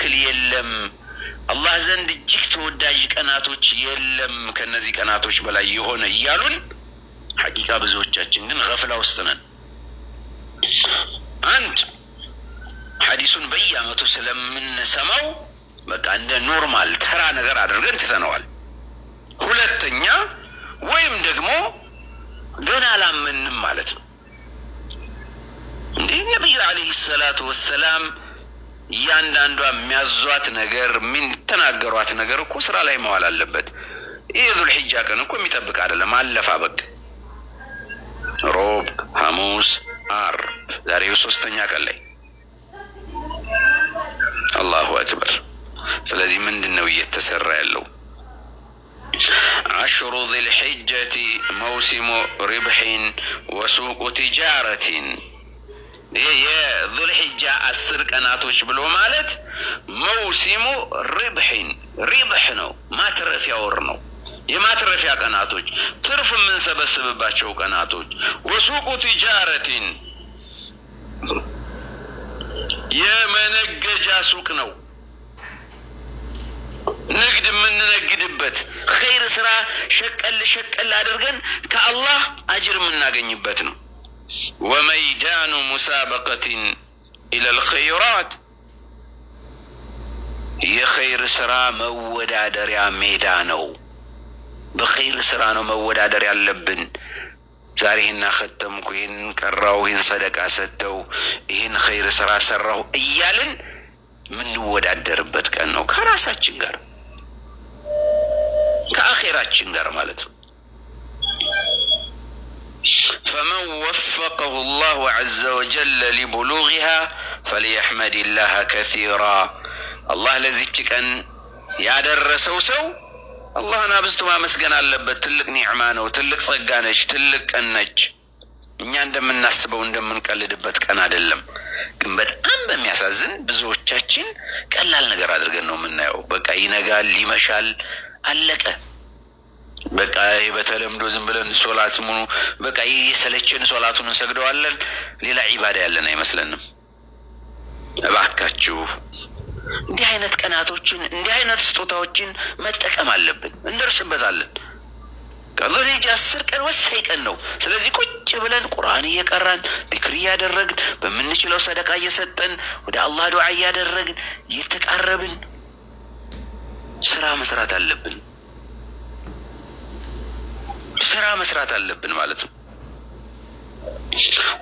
ያክል የለም። አላህ ዘንድ እጅግ ተወዳጅ ቀናቶች የለም ከነዚህ ቀናቶች በላይ የሆነ እያሉን ሐቂቃ ብዙዎቻችን ግን ገፍላ ውስጥ ነን። አንድ ሐዲሱን በየአመቱ ስለምንሰማው በቃ እንደ ኖርማል ተራ ነገር አድርገን ትተነዋል። ሁለተኛ ወይም ደግሞ ገና አላመንም ማለት ነው። እንዲህ ነቢዩ አለይሂ ሰላቱ ወሰላም እያንዳንዷ የሚያዟት ነገር የሚተናገሯት ነገር እኮ ስራ ላይ መዋል አለበት። ይህ ዙልሒጃ ቀን እኮ የሚጠብቅ አይደለም። አለፋ በግ ሮብ፣ ሐሙስ፣ አርብ ዛሬ ሶስተኛ ቀን ላይ አላሁ አክበር። ስለዚህ ምንድን ነው እየተሰራ ያለው? አሽሩ ዚልሒጀቲ መውሲሙ ሪብሒን ወሱቁ ቲጃረቲን አስር ቀናቶች ብሎ ማለት መውሲሙ ሪብሒን ሪብሕ ነው፣ ማትረፊያ ወር ነው። የማትረፊያ ቀናቶች ትርፍ የምንሰበስብባቸው ቀናቶች። ወሱቁ ቲጃረቲን የመነገጃ ሱቅ ነው። ንግድ የምንነግድበት ኸይር ስራ ሸቀል ሸቀል አድርገን ከአላህ አጅር የምናገኝበት ነው። ወመይዳኑ ሙሳበቀቲን يا خير سرا ስራ መወዳደሪያ ሜዳ بخير سرا ስራ ነው دريا ያለብን። ዛሬ ይህን አከተምኩ፣ ይህን ቀራው፣ ይህን ሰደቃ ሰተው ይህን ኸይር ስራ ሰራሁ እያልን የምንወዳደርበት ቀን ነው። ከራሳችን ጋር ከአኼራችን ጋር ማለት ነው። ፈመን ወፈቀሁ ላሁ ዐዘ ወጀለ ሊቡሉግሃ ፈልየሕመድላህ ከሲራ። አላህ ለዚች ቀን ያደረሰው ሰው አላህን አብዝቶ ማመስገን አለበት። ትልቅ ኒዕማ ነው። ትልቅ ጸጋ ነች። ትልቅ ቀን ነች። እኛ እንደምናስበው እንደምንቀልድበት ቀን አይደለም። ግን በጣም በሚያሳዝን ብዙዎቻችን ቀላል ነገር አድርገን ነው የምናየው። በቃ ይነጋል፣ ይመሻል፣ አለቀ። በቃ በተለምዶ ዝም ብለን ሶላት ሙኑ በቃ የሰለችን ሶላቱን እንሰግደዋለን። ሌላ ዒባዳ ያለን አይመስለንም። እባካችሁ እንዲህ አይነት ቀናቶችን እንዲህ አይነት ስጦታዎችን መጠቀም አለብን፣ እንደርስበታለን። ከዙልሂጃ አስር ቀን ወሳኝ ቀን ነው። ስለዚህ ቁጭ ብለን ቁርአን እየቀራን ዚክር እያደረግን በምንችለው ሰደቃ እየሰጠን ወደ አላህ ዱዓ እያደረግን እየተቃረብን ስራ መስራት አለብን። ስራ መስራት አለብን ማለት ነው።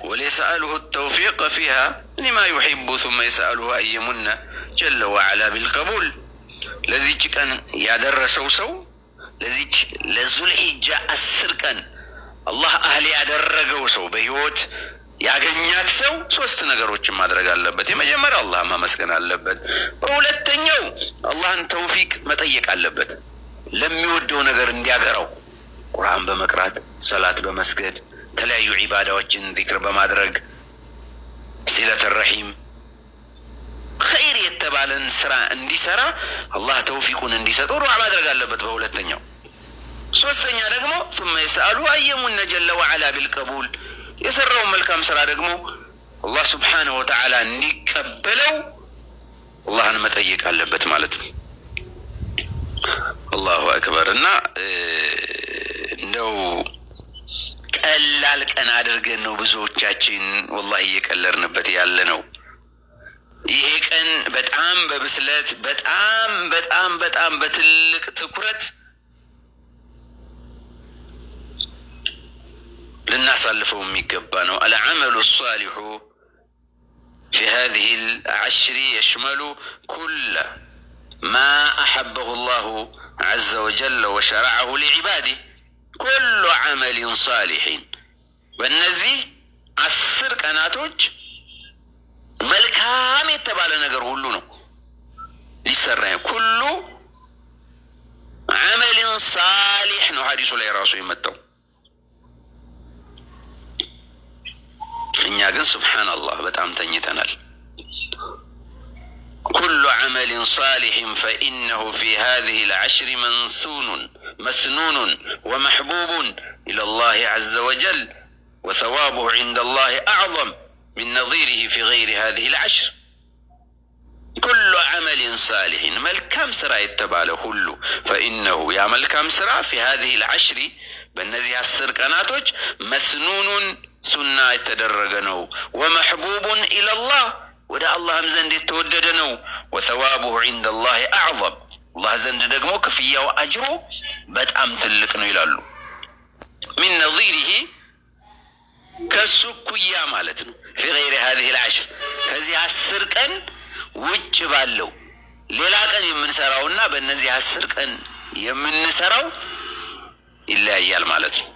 ወለየስአልሁ ተውፊቅ ፊሃ ሊማ ዩሒቡ ሱመ የስአልሁ አየሙነ ጀለ ወዓላ ቢልቀቡል። ለዚች ቀን ያደረሰው ሰው ለዚች ለዙልሒጃ አስር ቀን አላህ አህል ያደረገው ሰው በህይወት ያገኛት ሰው ሶስት ነገሮችን ማድረግ አለበት። የመጀመሪያ አላህ ማመስገን አለበት። በሁለተኛው አላህን ተውፊቅ መጠየቅ አለበት ለሚወደው ነገር እንዲያገራው ቁርአን በመቅራት ሰላት በመስገድ የተለያዩ ዒባዳዎችን ዚክር በማድረግ ሲለት ረሒም ኸይር የተባለን ስራ እንዲሰራ አላህ ተውፊቁን እንዲሰጠው ዱዓ ማድረግ አለበት። በሁለተኛው ሶስተኛ ደግሞ ثم يسأل አየሙነ ጀለ ወዐላ ቢልቀቡል የሰራውን መልካም ስራ ደግሞ አላህ ስብሓነሁ ወተዓላ እንዲቀበለው አላህን መጠየቅ አለበት ማለት ነው። አላሁ አክበር እና ቀን አድርገን ነው ብዙዎቻችን ወላሂ እየቀለድንበት ያለ ነው። ይሄ ቀን በጣም በብስለት በጣም በጣም በጣም በትልቅ ትኩረት ልናሳልፈው የሚገባ ነው። አልዓመሉ ሳሊሑ ፊ ሃዚህ ልዓሽሪ የሽመሉ ኩለ ማ አሐበሁ ላሁ ዐዘ ወጀለ ወሸረዐሁ ሊዕባዲህ ኩሉ ዐመሊን ሳሊሒን በእነዚህ አስር ቀናቶች መልካም የተባለ ነገር ሁሉ ነው ሊሰራ ኩሉ አመልን ሳሊሕ ነው ሀዲሱ ላይ ራሱ የመጣው። እኛ ግን ስብሓንላህ በጣም ተኝተናል። ኩሉ አመልን ሳሊሕን ፈኢነሁ ፊ ሃዚህ ልዓሽሪ መንሱኑን መስኑኑን ወመሕቡቡን ኢለላህ ዐዘ ወጀል وثوابه عند الله أعظم من نظيره في غير هذه العشر كل عمل صالح مل كم سرى يتبع له فإنه يا مل كم سرى في هذه العشر بالنزيه السر قناتج مسنون سنة تدرجنه ومحبوب إلى الله ودع الله مزند توددنه وثوابه عند الله أعظم الله زند دقمك في أجره بات أم إلى الله من نظيره ከሱ እኩያ ማለት ነው። ፊ ሀዚህ ልአሽር ከዚህ አስር ቀን ውጭ ባለው ሌላ ቀን የምንሰራውና በእነዚህ አስር ቀን የምንሰራው ይለያያል ማለት ነው።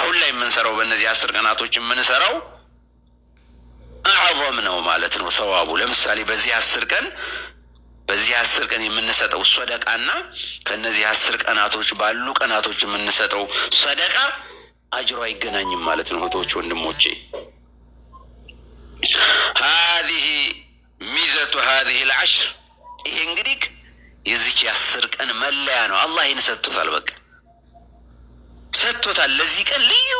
አሁን ላይ የምንሰራው በእነዚህ አስር ቀናቶች የምንሰራው አዕዘም ነው ማለት ነው ሰዋቡ። ለምሳሌ በዚህ አስር ቀን በዚህ አስር ቀን የምንሰጠው ሰደቃና ከእነዚህ አስር ቀናቶች ባሉ ቀናቶች የምንሰጠው ሰደቃ አጅሮ አይገናኝም ማለት ነው። እህቶች ወንድሞቼ፣ ሀዚህ ሚዘቱ ሀዚህ ልዓሽር ይሄ እንግዲህ የዚች የአስር ቀን መለያ ነው። አላህ ይህን ሰጥቶታል። በቃ ሰጥቶታል ለዚህ ቀን ልዩ